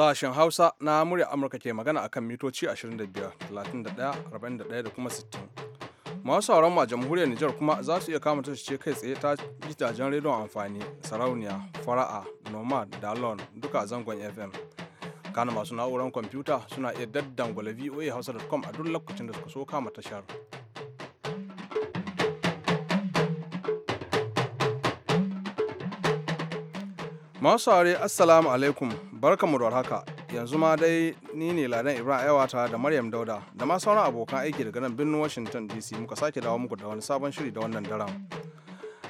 Sashen Hausa na murya Amurka ke magana akan mitoci 25, 31, 41 da kuma 60. Masu sauran ma jamhuriyar Nijar kuma za su iya kama ce kai tsaye ta gidajen rediyon amfani, sarauniya, fara'a, nomad, dalon, duka zangon FM. Kana masu na'urar kwamfuta suna iya daddan daddangwale voa hausa.com a duk lokacin da suka so kama tashar. Masu saurare Assalamu alaikum. barkanmu da haka yanzu ma dai ni ne ladan ibrahim aiwa da maryam dauda da ma sauran abokan aiki daga nan birnin washington dc muka sake dawo muku da wani sabon shiri da wannan daren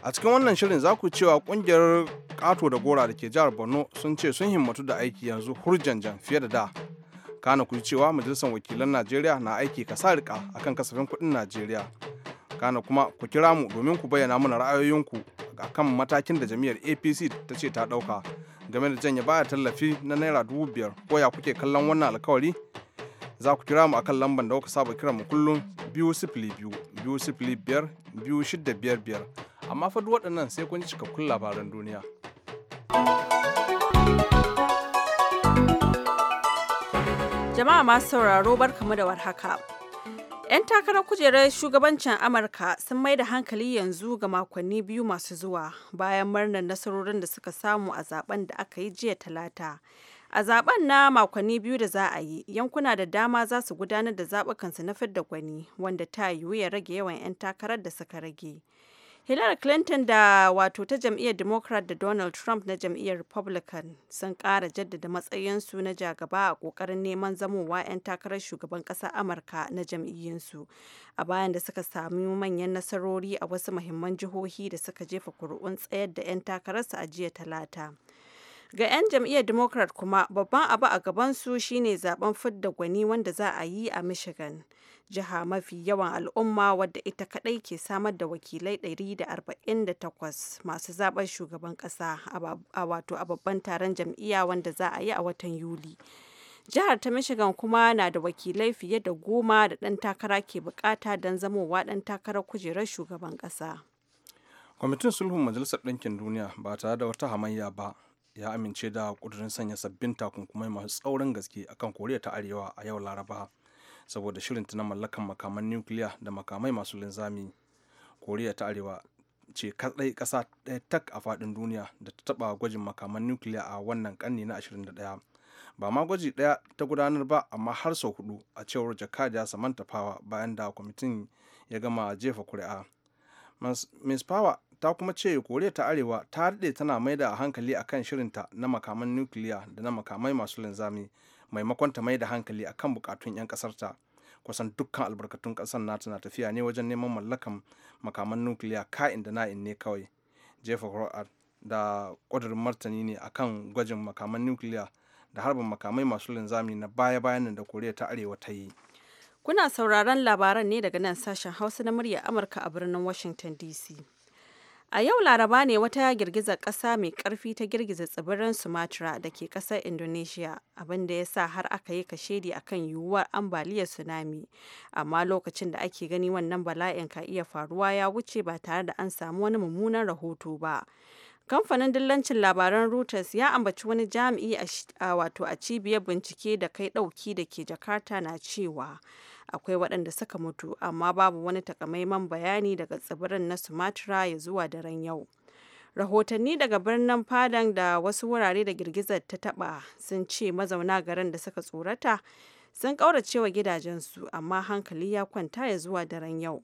a cikin wannan shirin za ku cewa kungiyar kato da gora da ke jihar borno sun ce sun himmatu da aiki yanzu hurjanjan fiye da da kana ku cewa majalisar wakilan najeriya na aiki sa rika akan kasafin kuɗin najeriya kana kuma ku kira mu domin ku bayyana mana ra'ayoyinku akan matakin da jami'ar apc ta ce ta ɗauka game da janye baya tallafi na naira dubu biyar ko ya kuke kallon wannan alkawari za ku kira mu akan lamban da kuka saba kiran mu kullum biyu sifili biyu biyu sifili biyar biyu shida biyar biyar amma fa duk waɗannan sai kun ji cikakkun labaran duniya. Jama'a masu sauraro barkamu da warhaka. 'Yan takarar kujerar shugabancin Amurka sun mai da hankali yanzu ga makonni biyu masu zuwa bayan murnar nasarorin da suka samu a zaben da aka yi jiya talata. A zaben na makonni biyu da za a yi, yankuna da dama za su gudanar da zaɓukansu na fidda gwani wanda ta yiwu ya rage yawan 'yan takarar da suka rage. Hillary Clinton da wato ta jam'iyyar Democrat da Donald Trump na jam'iyyar Republican sun ƙara jaddada matsayinsu na jagaba a ƙoƙarin neman zamowa 'yan takarar shugaban ƙasar Amurka na jam'iyyinsu a bayan da suka sami manyan nasarori a wasu mahimman jihohi da suka jefa kuri'un tsayar da 'yan takararsu a jiya talata. ga 'yan jam'iyyar democrat kuma babban abu a gabansu shine zaben fidda gwani wanda za a yi a michigan jiha mafi yawan al'umma wadda ita kadai ke samar da wakilai 148 masu zaben shugaban kasa a wato a babban taron jam'iyya wanda za a yi a watan yuli jihar ta michigan kuma na da wakilai fiye da goma da dan takara ke bukata don zamowa dan takarar kujerar shugaban kasa. kwamitin sulhun majalisar ɗinkin duniya ba tare da wata hamayya ba ya amince da ƙudurin sanya sabbin takunkumai masu tsaurin gaske akan koriya ta arewa a yau laraba saboda shirinta na mallakan makaman nukiliya da makamai masu linzami koriya ta arewa ce kadai kasa ɗaya tak a faɗin duniya da ta taɓa gwajin makaman nukiliya a wannan kanni na 21 ba ma gwaji ɗaya ta gudanar ba amma har sau hudu a cewar jakadiya samanta fawa bayan da kwamitin ya gama jefa kuri'a ms fawa ta kuma ce koriya ta arewa ta daɗe tana mai da hankali akan shirinta na makaman nukiliya da na makamai masu linzami maimakon ta mai da hankali akan bukatun 'yan kasarta kusan dukkan albarkatun kasar nata na tafiya ne wajen neman mallakan makaman nukiliya ka'in da na'in ne kawai jefa kuri'ar da ƙudurin martani ne akan gwajin makaman nukiliya da harbin makamai masu linzami na baya-bayan da koriya ta arewa ta yi kuna sauraron labaran ne daga nan sashen hausa na murya amurka a birnin washington dc A yau Laraba ne wata girgizar ƙasa mai ƙarfi ta girgiza tsibirin Sumatra da ke ƙasar Indonesia, abin da ya sa har aka yi kashedi a kan yiwuwar ambaliyar tsunami. Amma lokacin da ake gani wannan bala'in ka iya faruwa ya wuce ba tare da an samu wani mummunan rahoto ba. Kamfanin dillancin labaran Reuters ya ambaci wani jami'i a wato a cibiyar bincike da kai ɗauki da ke Jakarta na cewa akwai waɗanda suka mutu amma babu wani takamaiman bayani daga tsibirin na sumatra ya zuwa daren yau rahotanni daga birnin fadan da wasu wurare da girgizar ta taba sun ce mazauna garin da suka tsorata sun ƙauracewa gidajensu amma hankali ya kwanta ya zuwa daren yau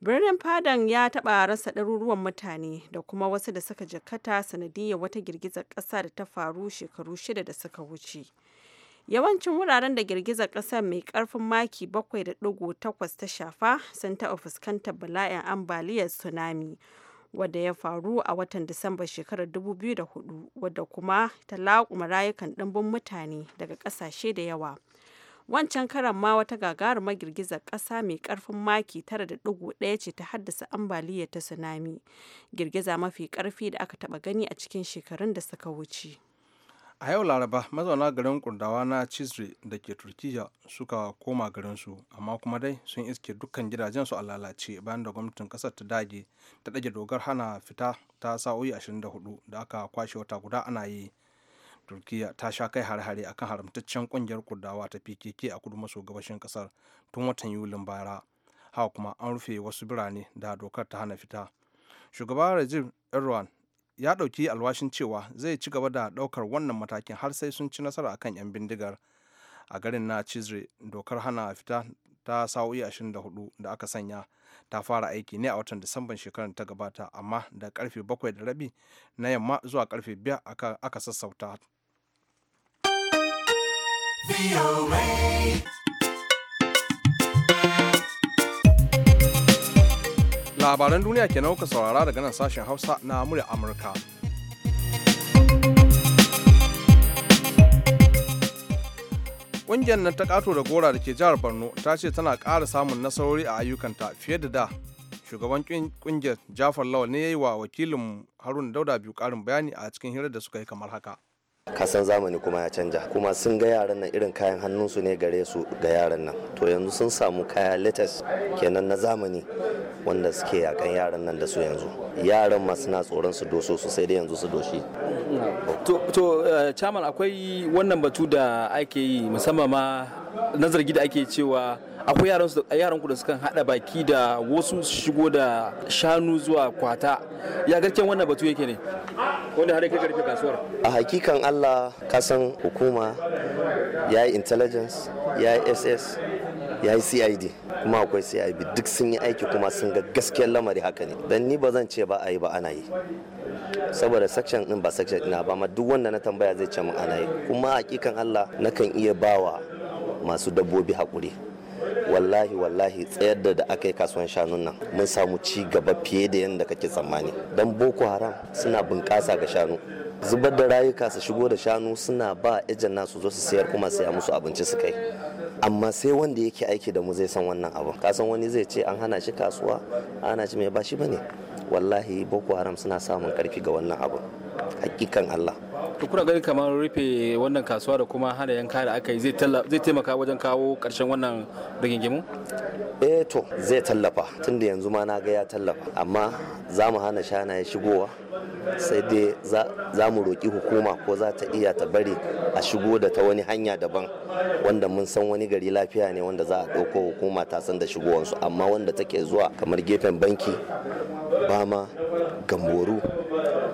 birnin fadan ya taɓa rasa ɗaruruwan mutane da kuma wasu da suka jikkata sanadiyar wata girgizar ƙasa da ta faru shekaru shida da suka wuce Yawancin wuraren da girgizar ƙasa mai ƙarfin maki 7.8 ta shafa sun taɓa fuskantar bala'in ambaliyar tsunami wadda ya faru a watan Disamba shekarar 2004 wadda kuma ta laƙuma rayukan ɗimbin mutane daga ƙasashe da yawa. Wancan karan ma wata gagarumar girgizar ƙasa mai ƙarfin maki 9.1 ce ta haddasa ambaliyar ta tsunami, girgiza mafi ƙarfi da aka taɓa gani a cikin shekarun da suka wuce. a yau laraba mazauna garin kurdawa na cizre da ke turkiya suka koma garinsu amma kuma dai sun iske dukkan gidajen su a lalace bayan da gwamnatin kasar ta dage ta ɗage dogar hana fita ta sa'o'i 24 da aka kwashe wata guda ana yi turkiya ta sha kai hare-hare akan haramtaccen kungiyar kurdawa ta pkk a kudu maso gabashin kasar tun watan yulin bara haka kuma an rufe wasu birane da dokar ta hana fita shugaba rajib irwan. ya ɗauki alwashin cewa zai ci gaba da ɗaukar wannan matakin har sai sun ci nasara akan 'yan bindigar a garin na cizre dokar hana fita ta sa'o'i 24 da aka sanya ta fara aiki ne a watan disamban shekarar ta gabata amma da karfe 7 da rabi na yamma zuwa karfe 5 aka sassauta. labaran duniya ke kuka saurara daga nan sashen hausa na murya amurka ƙungiyar nan ta kato da gora da ke jihar borno ta ce tana ƙara samun nasarori a ayyukanta fiye da da shugaban ƙungiyar jafar lawal ne ya yi wa wakilin haruna dauda biyu ƙarin bayani a cikin hirar da suka yi kamar haka kasan zamani kuma ya canja kuma sun ga yaran nan irin kayan hannunsu ne gare su ga yaran nan to yanzu sun samu kaya latest kenan na zamani wanda suke yakan yaran nan da su yanzu yaran ma suna tsoron su doso su sai dai yanzu su doshi to eh, chairman akwai wannan batu da ake yi musamman ma na zargi da ake cewa akwai yaran su yaran ku da suka hada baki da wasu su shigo da shanu zuwa kwata ya garken wannan batu yake ne wanda har yake garke kasuwar a hakikan Allah kasan hukuma ya yi intelligence ya yi SS ya yi CID kuma akwai CIB duk sun yi aiki kuma sun ga gaskiyar lamari haka ne dan ni ba zan ce ba a yi ba ana yi saboda section din ba section ina ba amma duk wanda na tambaya zai ce min ana yi kuma hakikan Allah nakan iya bawa masu dabbobi haƙuri wallahi wallahi tsayar da da aka yi kasuwan shanun nan mun samu ci gaba fiye da yadda kake tsammani don boko haram suna bunƙasa ga shanu zubar da rayuka su shigo da shanu suna ba ejen nasu zo su sayar kuma saya musu abinci su kai amma sai wanda yake aiki da mu zai san wannan abin kasan wani zai ce an hana shi kasuwa ana shi mai ba shi bane wallahi boko haram suna samun karfi ga wannan abin hakikan allah to kuna gani kamar rufe wannan kasuwa da kuma hana yanka da aka yi zai taimaka wajen kawo karshen wannan rigingimu eh to zai tallafa tunda yanzu ma na ga ya tallafa amma za mu hana shanaye shigowa sai dai za mu roƙi hukuma ko za ta iya ta bari a shigo da ta wani hanya daban wanda mun san wani gari lafiya ne wanda za a ɗauko hukuma ta san da shigowansu amma wanda take zuwa kamar gefen banki ba bama gamboru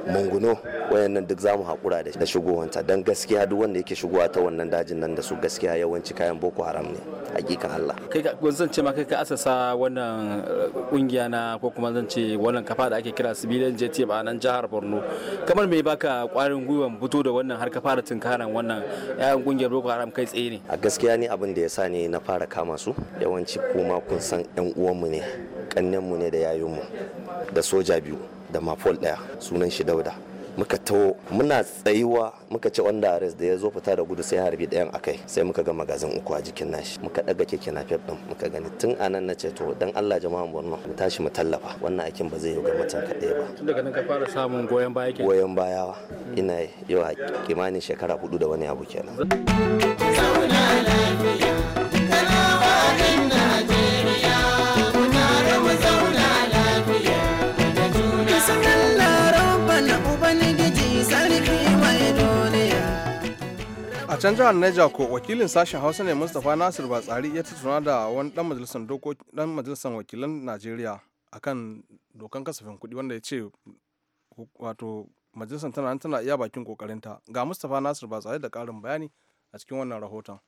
munguno wayannan duk zamu hakura da shigowanta dan gaskiya duk wanda yake shigowa ta wannan dajin nan da su gaskiya yawanci kayan boko haram ne hakikan Allah kai ka zan ce ma kai ka asasa wannan kungiya eh, na ko kuma zan ce wannan kafa da ake kira civilian JT a nan jihar Borno kamar me baka kwarin gwiwan fito da wannan har ka fara tunkaran wannan yayan kungiyar boko haram kai tsaye ne a gaskiya ne abin da ya sa ni na fara kama su yawanci kuma kun san yan uwanmu ne kannenmu ne da mu da soja biyu da mafol ɗaya sunan shi dauda muka taho muna tsayuwa muka ce wanda arrest da ya zo fita da gudu sai harbi ɗayan akai sai muka ga magazin uku a jikin nashi muka daga keke na fef din muka gani tun anan na ce to dan Allah jama'an Borno mu tashi mu tallafa wannan aikin ba zai yi ga mutum kaɗai ba tun daga nan ka fara samun goyon baya ke? goyon baya ina yi yau kimanin shekara hudu da wani abu kenan zauna lafiya can jihar Niger ko wakilin sashen Hausa ne Mustapha Nasir Batsari ya tattauna da wani dan majalisar dokoki dan majalisar wakilan Najeriya akan dokan kasafin kuɗi wanda ya ce wato majalisar tana tana iya bakin kokarinta ga Mustapha Nasir Batsari da ƙarin bayani a cikin wannan rahoton.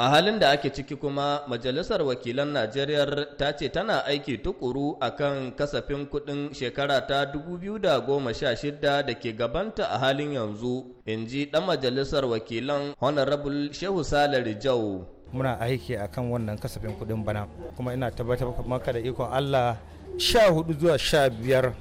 a halin da ake ciki kuma majalisar wakilan najeriya ta ce tana aiki tukuru akan kasafin kudin shekara ta 2016 da ke gabanta a halin yanzu in ji dan majalisar wakilan honorable shehu salari jau muna aiki akan wannan kasafin kudin bana kuma ina tabbatar maka da ikon allah 14 zuwa 15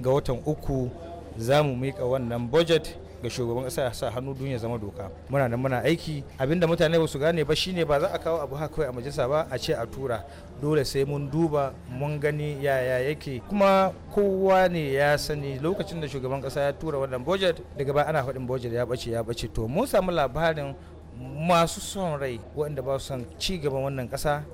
ga watan uku za mu mika wannan budget ga shugaban kasa ya sa hannu duniya zama doka muna nan muna aiki abinda mutane ba su gane ba shine ba za a kawo abu haka kawai a majalisa ba a ce a tura dole sai mun duba mun gani yaya yake kuma kowa ne ya sani lokacin da shugaban kasa ya tura wannan budget daga baya ana faɗin budget ya bace ya bace to mun samu labarin masu son rai waɗanda ba su son ci gaban wannan kasa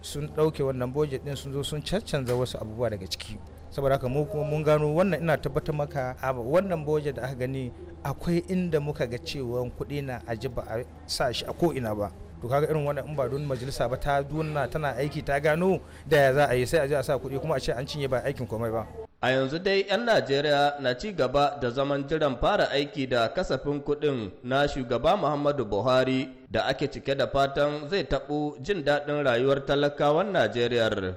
sun ɗauke wannan budget ɗin sun zo sun caccanza wasu abubuwa daga ciki saboda haka mu kuma mun gano wannan ina tabbatar maka wannan boje da aka gani akwai inda muka ga cewa kuɗi na aji ba a sa shi a ko'ina ba to kaga irin wannan in ba don majalisa ba ta duna tana aiki ta gano da ya za a yi sai a je a sa kuɗi kuma a ce an cinye ba aikin komai ba a yanzu dai 'yan najeriya na ci gaba da zaman jiran fara aiki da kasafin kuɗin na shugaba muhammadu buhari da ake cike da fatan zai taɓo jin daɗin rayuwar talakawan najeriyar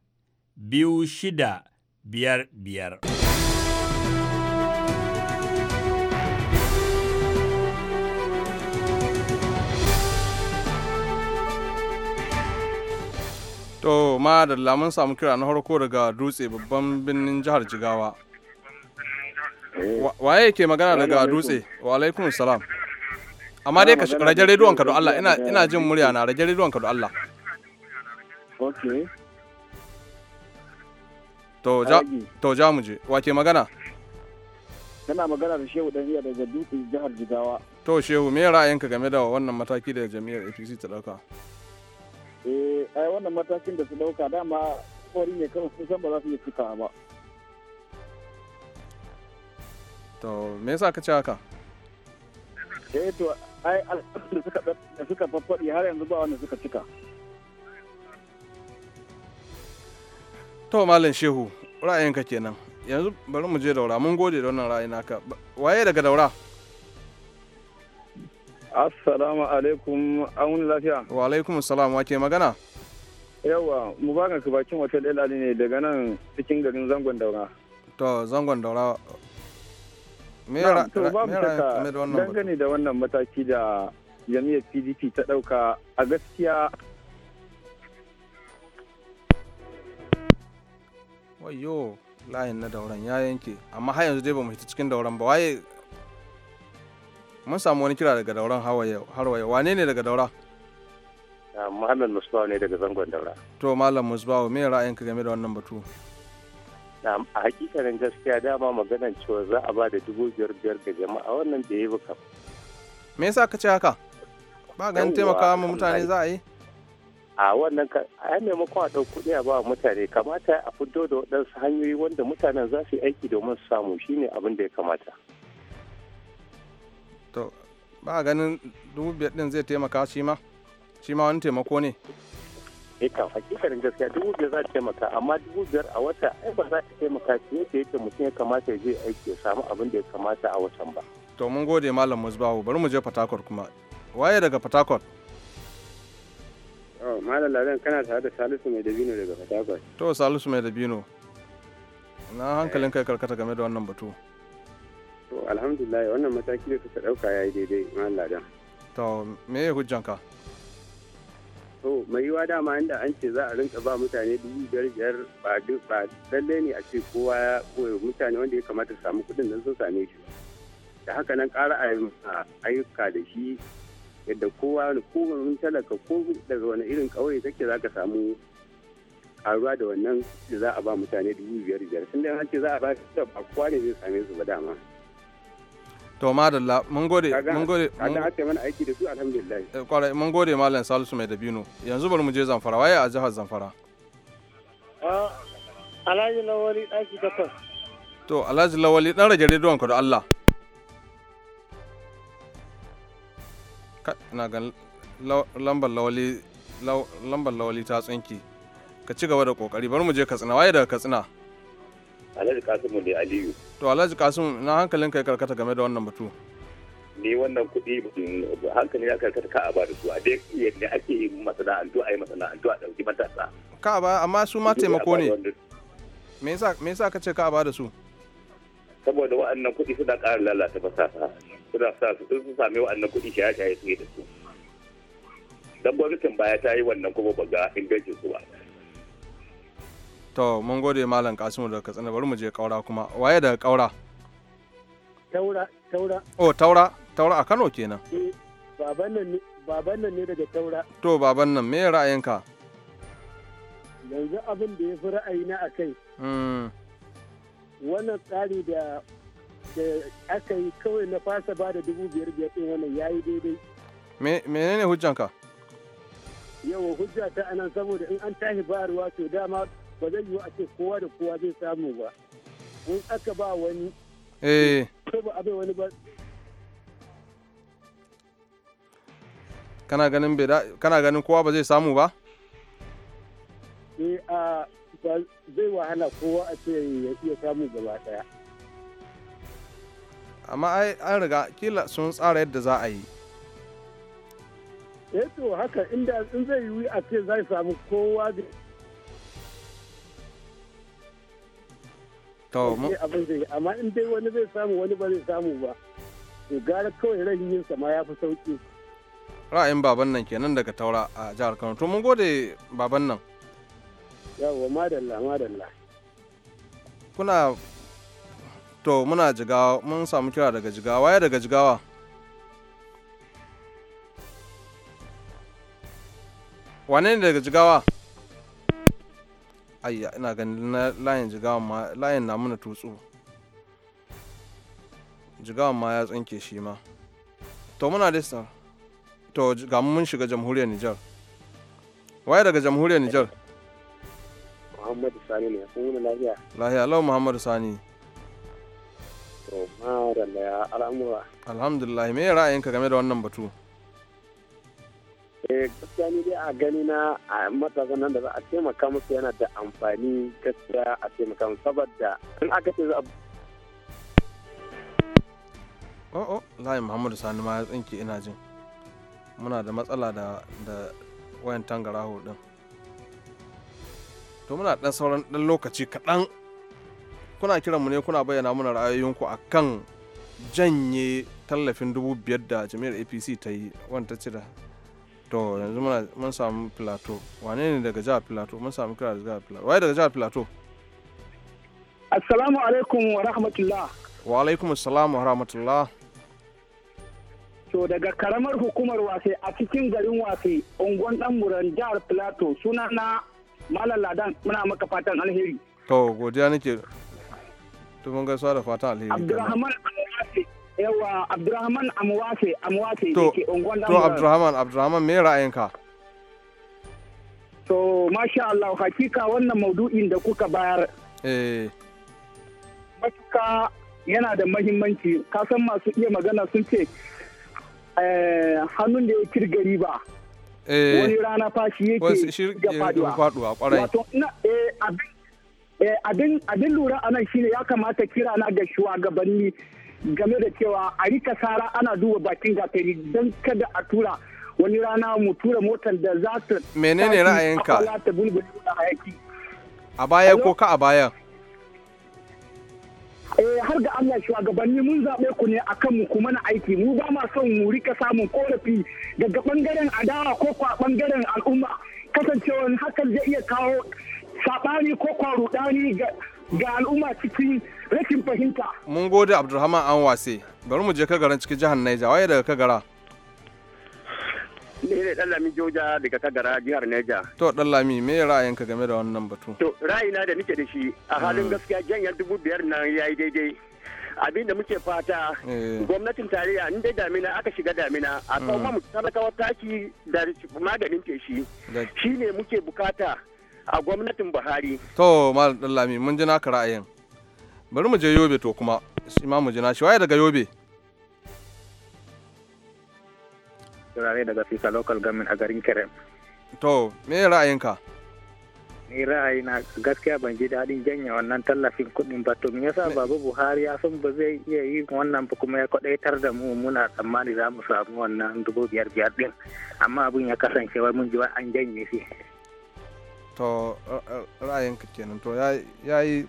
biyu shida biyar biyar. To ma da lamun samu kira na harko daga dutse babban birnin jihar Jigawa. Waye ke magana daga dutse? Wa alaikun salam. Amma dai ka rage rediyon ka don Allah ina jin murya na rage rediyon ka don Allah. Okay. to ja mu je wake magana kana magana da shehu dan daga dutse jihar jigawa to shehu me ra'ayinka game da wannan mataki da jami'ar apc ta dauka eh ai wannan matakin da su dauka dama kori ne kan sun san ba za su iya cika ba to me yasa ka ce haka eh to ai alƙalin da suka da suka har yanzu ba wanda suka cika to malam shehu ra'ayinka kenan yanzu bari mu je daura mun gode da wannan ra'ayi naka waye daga daura assalamu alaikum amun lafiya wa alaikum salam wake magana yawa ka bakin hotel el ali ne daga nan cikin garin zangon daura to zangon daura me ra da wannan mataki da jami'ar pdp ta dauka a gaskiya wayo layin na dauran ya yanke amma har yanzu dai ba mu fita cikin dauran ba waye mun samu wani kira daga dauran har waye wane ne daga daura ah, muhammad musbawa ne daga zangon daura to malam musbawa me ra'ayinka game da wannan batu a hakikanin gaskiya dama maganan cewa za a ba da dubu biyar biyar ga jama'a wannan da ya yi me yasa ka ce haka ba ganin taimaka mutane za a yi a wannan a maimakon a ɗau kuɗi a ba mutane kamata a fito da waɗansu hanyoyi wanda mutanen za su yi aiki domin su samu shine abin da ya kamata to ba ganin dubu biyar ɗin zai taimaka shi ma shi ma wani taimako ne E, eh, kan hakikanin gaskiya dubu biyar za ta taimaka amma dubu biyar a wata ai ba za ta taimaka shi yadda yake mutum ya kamata ya je aiki ya samu abin da ya kamata a watan ba to mun gode malam musbahu bari mu je fatakwal kuma waye daga fatakwal Oh, Malam Ladan kana tare da Salisu Mai Dabino daga Fatakwas. To Salisu Mai Dabino. Na hankalin kai karkata game da wannan batu. To alhamdulillah wannan mataki da kuka dauka yi daidai Malam Ladan. To me ya hujjanka? To mai yiwa dama inda an ce za a rinka ba mutane dubu biyar biyar ba duk ba lalle ne a ce kowa ya koyo mutane wanda ya kamata su samu kuɗin nan sun same shi. Da haka nan ƙara ayyuka da shi yadda kowa ko mun talaka ko daga wani irin ƙauye take za ka samu karuwa da wannan da za a ba mutane dubu biyar biyar sun dai ce za a ba su ba kowa ne zai same su ba dama to madalla mun gode mun gode kaga ake mana aiki da su alhamdulillah eh, kwarai mun gode malam salisu mai dabino yanzu bari mu je zamfara waye a jihar zamfara ah, alhaji lawali ɗaki takwas to alhaji lawali ɗan rage rediyon ku da Allah na ga lambar lawali lambar lawali ta tsinki ka ci gaba da kokari bari mu je katsina waye daga katsina alhaji kasimu ne aliyu to alhaji kasimu na hankalin kai karkata game da wannan batu ni wannan kuɗi hankali ya karkata ka a ba da su a dai yadda ake yi masana'antu a yi masana'antu a ɗauki matasa ka a ba amma su ma taimako ne me yasa ka ce ka a ba da su saboda wa'annan kuɗi suna ƙara lalata fasaha. suna sa su sun sami wa'annan kuɗi shaye-shaye su da su dan gwamnatin baya ta yi wannan kuma ba ga ingancin su ba to mun gode malam kasimu da katsina bari mu je kaura kuma waye daga kaura taura taura oh taura taura a kano kenan eh, baban nan baban nan ne daga taura to baban nan me ra'ayinka yanzu abin da ya fi ra'ayi na a kai hmm. wannan tsari da da aka yi kawai na fasa ba da dubu biyar biyar ɗin wannan ya yi daidai. Menene hujjanka? Yawa hujja ta anan saboda in an tashi bayarwa to dama ba zai yiwu a ce kowa da kowa zai samu ba. In aka ba wani. Eh. Ko ba abai wani ba. Kana ganin kana ganin kowa ba zai samu ba? Eh a ba zai wahala kowa a ce ya iya samu gaba ɗaya. amma an riga kila sun tsara yadda za a yi eh to haka inda in zai yi a ce zai samu kowa da to mu amma in dai wani zai samu wani ba zai samu ba to gara kawai rashin yin sama ya fi sauki ra'ayin baban nan kenan daga taura a jihar Kano to mun gode baban nan yawwa madalla madalla kuna to muna jigawa mun samu kira daga jigawa ya daga jigawa wane ne daga jigawa ayya ina ganin layin jigawa ma layin na muna tutsu jigawa ma ya tsinke shi ma to muna lista to ga mun shiga jamhuriyar Nijar waye daga jamhuriyar Nijar Muhammadu Sani ne kun lafiya lafiya Allah Muhammadu Sani al'amura. Alhamdulillah, me ra'ayinka game da wannan batu? Eh, gaskiya ni dai a gani na a matasan nan da za a taimaka musu yana da amfani gaskiya a taimaka musu saboda in aka ce za a Oh, oh, Lai Muhammadu Sani ma ya tsinke ina jin. Muna da matsala da da wayan tangaraho din. To muna dan sauran dan lokaci kaɗan kuna kiranmu ne kuna bayyana mana ra'ayoyinku a kan janye tallafin dubu biyar da jami'ar apc ta yi wanda ta da to yanzu mun samu filato wane ne daga jihar filato mun samu kira daga jihar filato waye daga jihar filato assalamu alaikum wa rahmatullah wa alaikum assalamu wa rahmatullah to daga karamar hukumar wasai a cikin garin wasai unguwan dan muran jihar filato suna na malam muna maka fatan alheri to godiya nake Tumin gaisuwa da fata alheri. Abdurrahman yawa Abdurrahman Amwafe Amwafe da To Abdurrahman Abdurrahman me ra'ayinka? To masha Allah hakika wannan maudu'in da kuka bayar. Eh. Matuka yana da mahimmanci kasan masu iya magana sun ce eh, hannun da ya kirga riba eh. wani rana fashi yake ga faduwa wato ina eh, abin Eh, abin lura a nan shine ya kamata kira na ga shugabanni game da cewa a rika sara ana duba bakin gatari don kada a tura wani rana mu tura motar da za ta menene ra'ayinka a baya ko ka a baya eh har ga Allah shugabanni mun zaɓe ku ne akan mu kuma na aiki mu ba ma son mu rika samun korafi daga bangaren adawa ko kwa bangaren al'umma kasancewa hakan zai iya kawo sabani ko kwarudani ga al'umma cikin rashin fahimta. Mun gode Abdulrahman an wase, bari mu je kagaran cikin jihar Naija, waye daga kagara? ne ne Dallami joja daga kagara jihar Neja. To Dallami, me ka game da wannan batu? To ra'ayina da nike da shi a halin hmm. gaskiya janyar dubu biyar nan ya yi daidai. Abin da muke fata eh. gwamnatin tarayya in dai damina aka shiga damina a kawo hmm. mamu talakawa taki da maganin feshi. Shi ne muke bukata a gwamnatin Buhari. To Malam Dallami mun ji naka ra'ayin. Bari mu je Yobe to kuma shi ma mu ji nashi waye daga Yobe. Turare daga Fisa Local Government a garin Kerem. To me ra'ayinka? ni ra'ayina gaskiya ban ji daɗin janye wannan tallafin kuɗin ba to me yasa babu buhari ya san ba zai iya yi wannan ba kuma ya kwaɗaitar da mu muna tsammani za mu samu wannan dubu biyar biyar ɗin amma abin ya kasance wai mun ji an janye shi to ra'ayinka kenan to ya yi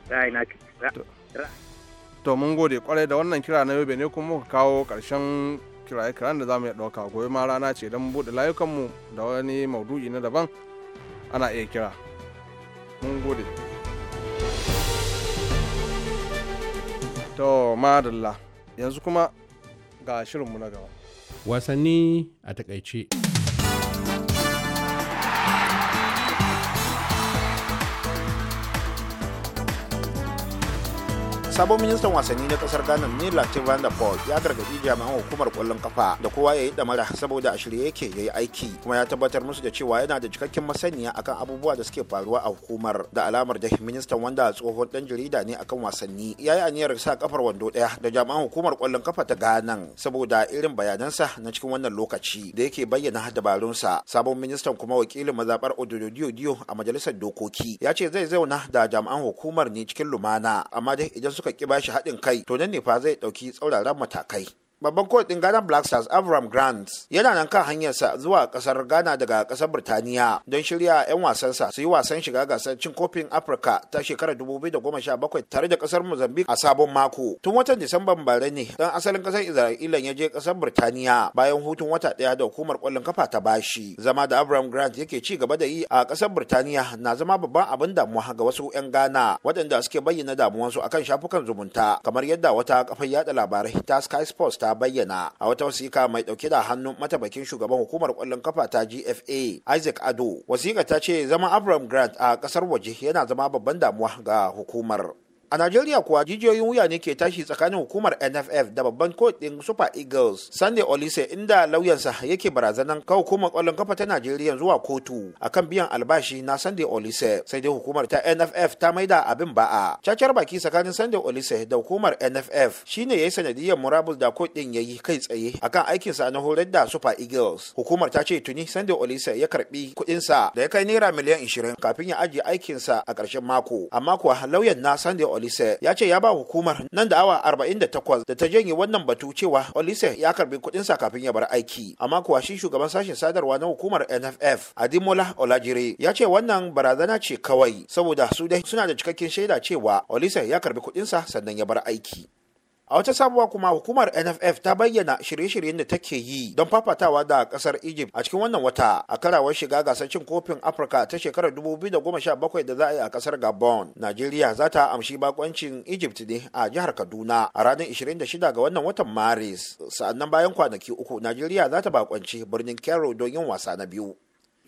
to mun gode kwarai da wannan kira na yobe ne kuma muka kawo karshen kiraye kiran da mu iya dauka gobe ma rana ce don buɗe layukanmu da wani maudu'i na daban ana iya kira mun gode to madalla yanzu kuma ga shirinmu na gaba wasanni a takaice sabon ministan wasanni na kasar ghana nila van der paul ya gargaɗi jami'an hukumar kwallon kafa da kowa ya yi damara saboda a shirye yake ya yi aiki kuma ya tabbatar musu da cewa yana da cikakken masaniya akan abubuwa da suke faruwa a hukumar da alamar da ministan wanda tsohon dan jarida ne akan wasanni ya yi aniyar sa kafar wando ɗaya da jami'an hukumar kwallon kafa ta ghana saboda irin bayanansa na cikin wannan lokaci da yake bayyana dabarun sa sabon ministan kuma wakilin mazaɓar diyo a majalisar dokoki ya ce zai zauna da jami'an hukumar ne cikin lumana amma dai idan suka ki bashi haɗin kai to nan ne fa zai ɗauki tsauraran matakai babban kot din Ghana Black Stars Avram Grant yana nan kan hanyarsa zuwa kasar Ghana daga kasar Birtaniya don shirya 'yan wasansa su yi wasan shiga gasar cin kofin Afirka ta shekarar 2017 tare da kasar Mozambique a sabon mako. Tun watan Disamban bare ne dan asalin kasar Isra'ila ya je kasar Birtaniya bayan hutun wata daya da hukumar kwallon kafa ta bashi. Zama da Avram Grant yake ci gaba da yi a kasar Birtaniya na zama babban abin damuwa ga wasu 'yan Ghana waɗanda suke bayyana damuwansu akan shafukan zumunta kamar yadda wata kafar yada labarai ta Sky Sports ta ta bayyana a wata wasiƙa mai ɗauke da hannun matabakin shugaban hukumar kwallon kafa ta GFA Isaac Ado. Wasiƙa ta ce zama Abraham Grant a ƙasar waje yana zama babban damuwa ga hukumar. a najeriya kuwa jijiyoyin wuya ne ke tashi tsakanin hukumar nff da babban kodin super eagles sunday olise inda lauyansa yake barazanan ka hukumar kwallon kafa ta najeriya zuwa kotu akan biyan albashi na sunday olise sai dai hukumar ta nff ta maida abin ba'a cacar baki tsakanin sunday olise da hukumar nff shine yayi sanadiyar murabus da kodin yayi kai tsaye akan aikinsa na horar da super eagles hukumar ta ce tuni sunday olise ya karbi kuɗinsa da ya kai naira miliyan 20 kafin ya ajiye aikinsa a ƙarshen mako amma kuwa lauyan na sunday Olise ya ce ya ba hukumar nan da awa 48 da ta janye wannan batu cewa Olise ya karbi kuɗin sa kafin ya bar aiki amma kuwa shi shugaban sashen sadarwa na hukumar NFF Adimola Olajire ya ce wannan barazana ce kawai saboda su dai suna da cikakken shaida cewa Olise ya karbi kuɗin sa sannan ya bar aiki. a wata sabuwa kuma hukumar nff ta bayyana shirye-shiryen da take yi don fafatawa da kasar egypt a cikin wannan wata a karawar shiga gasar cin kofin afirka ta shekarar 2017 da za a yi a kasar gabon nigeria za ta amshi bakoncin egypt ne a jihar kaduna a ranar 26 ga wannan watan maris sa'annan bayan kwanaki uku nigeria za ta bakonci birnin cairo don yin wasa na biyu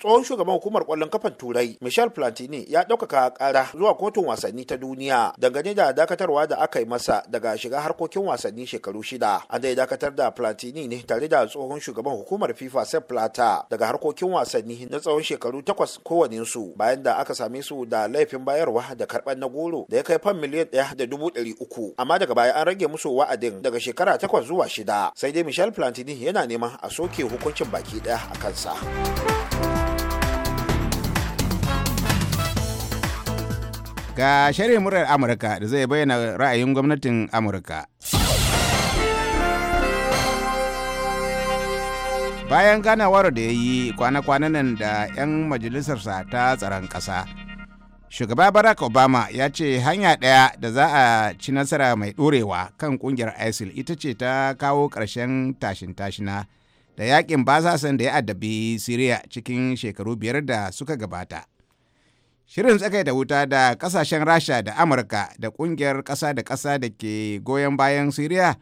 tsohon shugaban hukumar kwallon kafan turai michel plantini ya ɗaukaka ƙara zuwa kotun wasanni ta duniya dangane da dakatarwa da aka yi masa daga shiga harkokin wasanni shekaru shida an dai dakatar da plantini ne tare da tsohon shugaban hukumar fifa sep plata daga harkokin wasanni na tsawon shekaru takwas kowanensu bayan da aka same su da laifin bayarwa da karɓar na goro da ya kai fan miliyan ɗaya da dubu ɗari uku amma daga baya an rage musu wa'adin daga shekara takwas zuwa shida sai dai michel plantini yana neman a soke hukuncin baki ɗaya a kansa. Ga sharhin murar Amurka da zai bayyana ra'ayin gwamnatin Amurka. Bayan ganawar da ya yi kwana-kwanan nan da 'yan majalisarsa ta tsaron ƙasa. Shugaba Barack Obama ya ce hanya ɗaya da za a ci nasara mai ɗorewa kan ƙungiyar ISIL ita ce ta kawo ƙarshen tashin-tashina. da yakin basasan da ya addabi Siriya cikin shekaru biyar da suka gabata. Shirin tsakaita wuta da kasashen Rasha da Amurka da kungiyar ƙasa da ƙasa da ke goyon bayan Siriya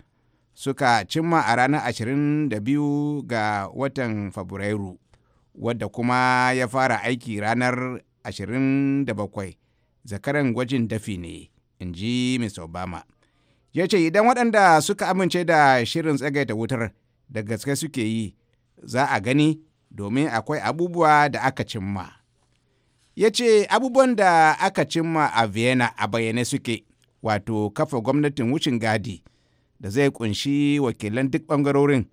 suka cimma a ranar 22 ga watan Fabrairu, wadda kuma ya fara aiki ranar 27 zakaran gwajin dafi ne, in ji mr Obama. Ya ce idan waɗanda suka amince da shirin tsagaita wutar da gaske suke yi, za a gani domin akwai abubuwa da aka cimma. ya ce abubuwan da aka cimma a vienna a bayyane suke wato kafa gwamnatin wucin gadi da zai kunshi wakilan duk bangarorin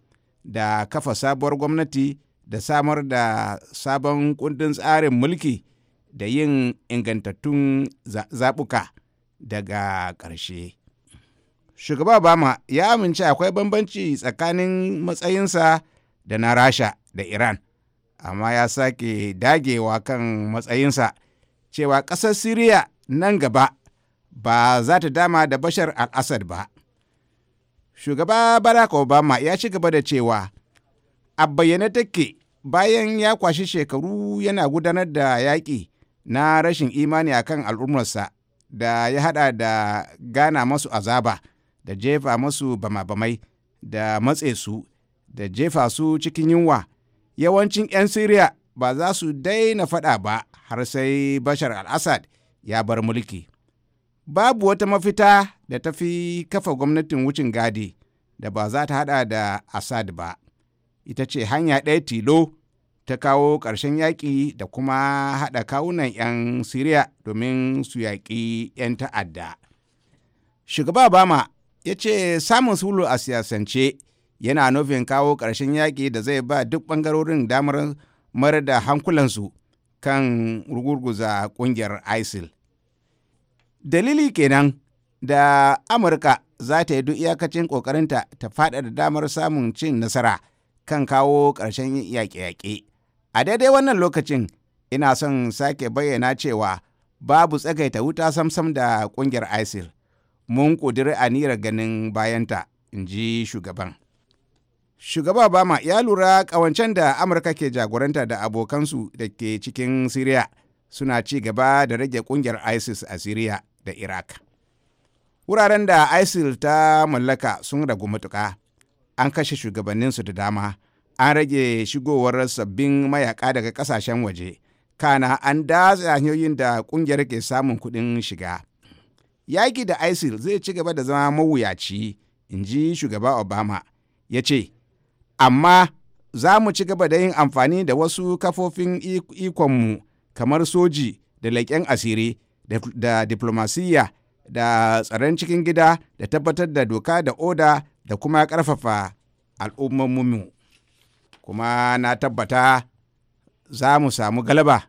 da kafa sabuwar gwamnati da samar da sabon kundin tsarin mulki da yin ingantattun zaɓuka daga ƙarshe shugaba obama ya amince akwai bambanci tsakanin matsayinsa da na rasha da iran amma ya sake dagewa kan matsayinsa cewa ƙasar siriya nan gaba ba za ta dama da bashar al-assad ba shugaba barack obama ya ci gaba da cewa a bayyane take bayan ya kwashi shekaru yana gudanar da yaƙi na rashin imani a kan al'ummarsa da ya haɗa da gana masu azaba da jefa masu bama-bamai da matse su da jefa su cikin yunwa yawancin 'yan Siriya ba za su daina faɗa ba har sai Bashar al-Assad ya bar mulki. Babu wata mafita da ta fi kafa gwamnatin wucin gadi da ba za ta haɗa da Assad ba. Ita ce hanya ɗaya tilo ta kawo ƙarshen yaƙi da kuma haɗa kawunan 'yan Siriya domin su yaƙi 'yan ta'adda. Shugaba Obama ya ce samun sulhu a siyasance yana nufin kawo ƙarshen yaƙi da zai ba duk ɓangarorin damar mar da hankulansu kan rugurguza ƙungiyar isil dalili kenan da amurka za ta yi duk iyakacin ƙoƙarinta ta faɗa da damar samun cin nasara kan kawo ƙarshen yaƙe-yaƙe a daidai wannan lokacin ina son sake bayyana cewa babu tsagaita wuta samsam da ƙungiyar isil mun ƙudiri aniyar ganin bayanta in ji shugaban shugaba Obama ya lura ƙawancen da Amurka ke jagoranta da abokansu da ke cikin Siriya suna ci gaba da rage ƙungiyar ISIS a Siriya da Iraq. Wuraren da ISIL ta mallaka sun ragu matuƙa, an kashe shugabanninsu da dama, an rage shigowar sabbin mayaka daga ƙasashen waje, kana an datsa hanyoyin da ƙungiyar ke samun kuɗin shiga. Yaƙi da ISIL zai ci gaba da zama mawuyaci, in ji shugaba Obama, ya ce, amma za mu ci gaba da yin amfani da wasu kafofin ikonmu kamar soji da leƙen asiri da diplomasiyya da tsaron cikin gida da tabbatar da doka da oda da kuma ƙarfafa al'ummominmu kuma na tabbata za mu samu galaba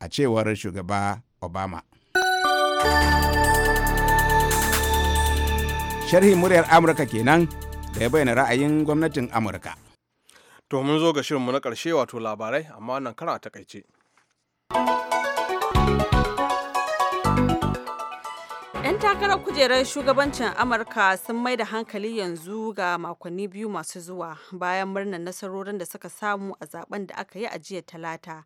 a cewar shugaba obama sharhin muryar amurka kenan da ya bayyana ra'ayin gwamnatin amurka To mun zo ga shirinmu na karshe wato labarai amma wannan kara a takaice. ‘Yan takarar kujerar shugabancin Amurka sun mai da hankali yanzu ga makonni biyu masu zuwa bayan murnar nasarorin da suka samu a zaben da aka yi a jiya talata.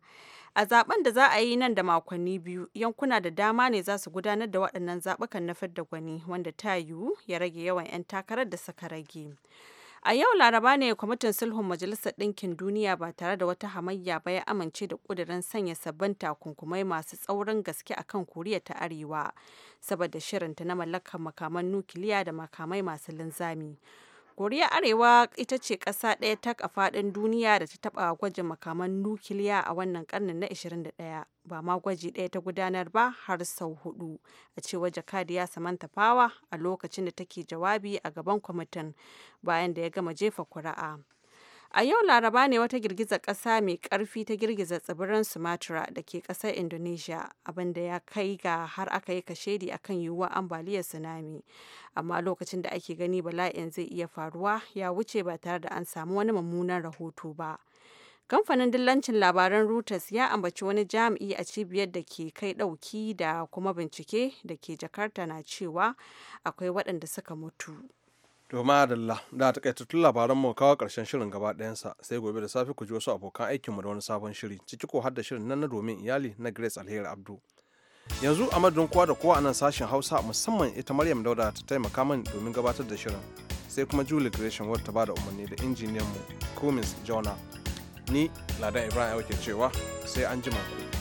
A zaben da za a yi nan da makonni biyu, yankuna da dama ne za su gudanar da waɗannan zaɓukan na fidda gwani wanda ta yiwu ya rage yawan 'yan takarar da suka rage. A yau Laraba ne kwamitin sulhun Majalisar Ɗinkin Duniya ba tare da wata hamayya ba ya amince da ƙudurin sanya sabbin takunkumai masu tsaurin gaske akan Koriya ta Arewa saboda shirinta na mallakar makaman nukiliya da makamai masu linzami. Koriya Arewa ita ce ƙasa ɗaya ta a duniya da ta taɓa gwajin makaman nukiliya a wannan ƙarnin na 21, ba ma gwaji ɗaya ta gudanar ba har sau hudu, a cewar jakadiya samanta Power a lokacin da take jawabi a gaban kwamitin bayan da ya gama jefa kuri'a. A yau Laraba ne wata girgizar ƙasa mai ƙarfi ta girgiza tsibirin Sumatra da ke ƙasar Indonesia, abinda ya kai ga har aka yi kashedi a kan yiwuwa ambaliyar tsunami. Amma lokacin da ake gani bala'in zai iya faruwa ya wuce ba tare da an samu wani mummunan rahoto ba. Kamfanin dillancin labaran Reuters ya ambaci wani jami'i a cibiyar da ke kai ɗauki da kuma bincike da ke Jakarta na cewa akwai waɗanda suka mutu. To madalla da ta kai tun labaran mu kawo karshen shirin gaba ɗayansa sai gobe da safe ku ji wasu abokan aikin mu da wani sabon shiri ciki ko har da shirin nan na domin iyali na Grace Alheri Abdu. Yanzu a madadin kowa da kowa a nan sashen Hausa musamman ita Maryam Dauda ta taimaka min domin gabatar da shirin sai kuma Julie Gresham wadda ta bada umarni da injiniyan mu Cummins Jona. Ni Ladan Ibrahim Ayo cewa sai an jima ku.